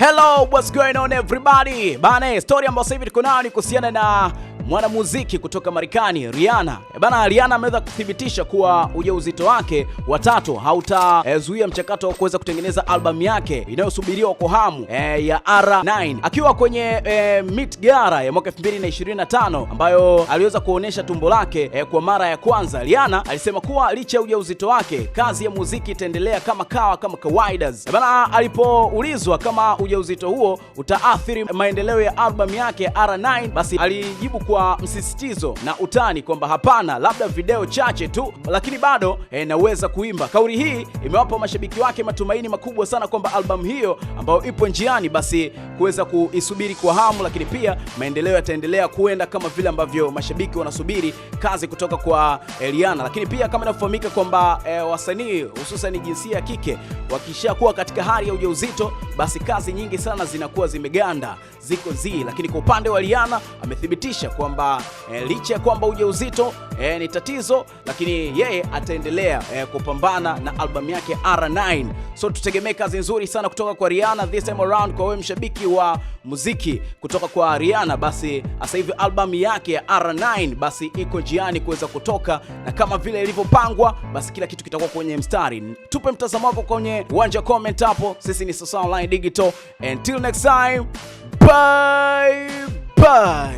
Hello, what's going on everybody? Bana, story ambayo sasa hivi tuko nayo ni kuhusiana na mwanamuziki kutoka Marekani Rihanna. E bana, Rihanna ameweza kuthibitisha kuwa ujauzito wake watatu hautazuia e, mchakato wa kuweza kutengeneza albamu yake inayosubiriwa kwa hamu e, ya R9 akiwa kwenye e, Met Gala ya mwaka 2025 ambayo aliweza kuonesha tumbo lake e, kwa mara ya kwanza. Rihanna alisema kuwa licha ya ujauzito wake kazi ya muziki itaendelea kama kawa kama kawaida. E bana, alipoulizwa kama ujauzito huo utaathiri maendeleo ya albamu yake R9 basi alijibu kuwa kwa msisitizo na utani kwamba hapana, labda video chache tu, lakini bado eh, naweza kuimba. Kauli hii imewapa mashabiki wake matumaini makubwa sana kwamba albamu hiyo ambayo ipo njiani basi kuweza kuisubiri kwa hamu, lakini pia maendeleo yataendelea kuenda kama vile ambavyo mashabiki wanasubiri kazi kutoka kwa Eliana. Eh, lakini pia kama inafahamika kwamba eh, wasanii hususan jinsia ya kike wakishakuwa katika hali ya ujauzito basi kazi nyingi sana zinakuwa zimeganda, ziko zii, lakini kwa upande wa Eliana amethibitisha kwa kwamba e, licha ya kwamba ujauzito e, eh, ni tatizo, lakini yeye ataendelea e, kupambana na albamu yake R9. So tutegemee kazi nzuri sana kutoka kwa Rihanna this time around. Kwa wewe mshabiki wa muziki kutoka kwa Rihanna, basi sasa hivi albamu yake ya R9 basi iko njiani kuweza kutoka, na kama vile ilivyopangwa, basi kila kitu kitakuwa kwenye mstari. Tupe mtazamo wako kwenye uwanja comment hapo. Sisi ni Sasa Online Digital, until next time, bye bye.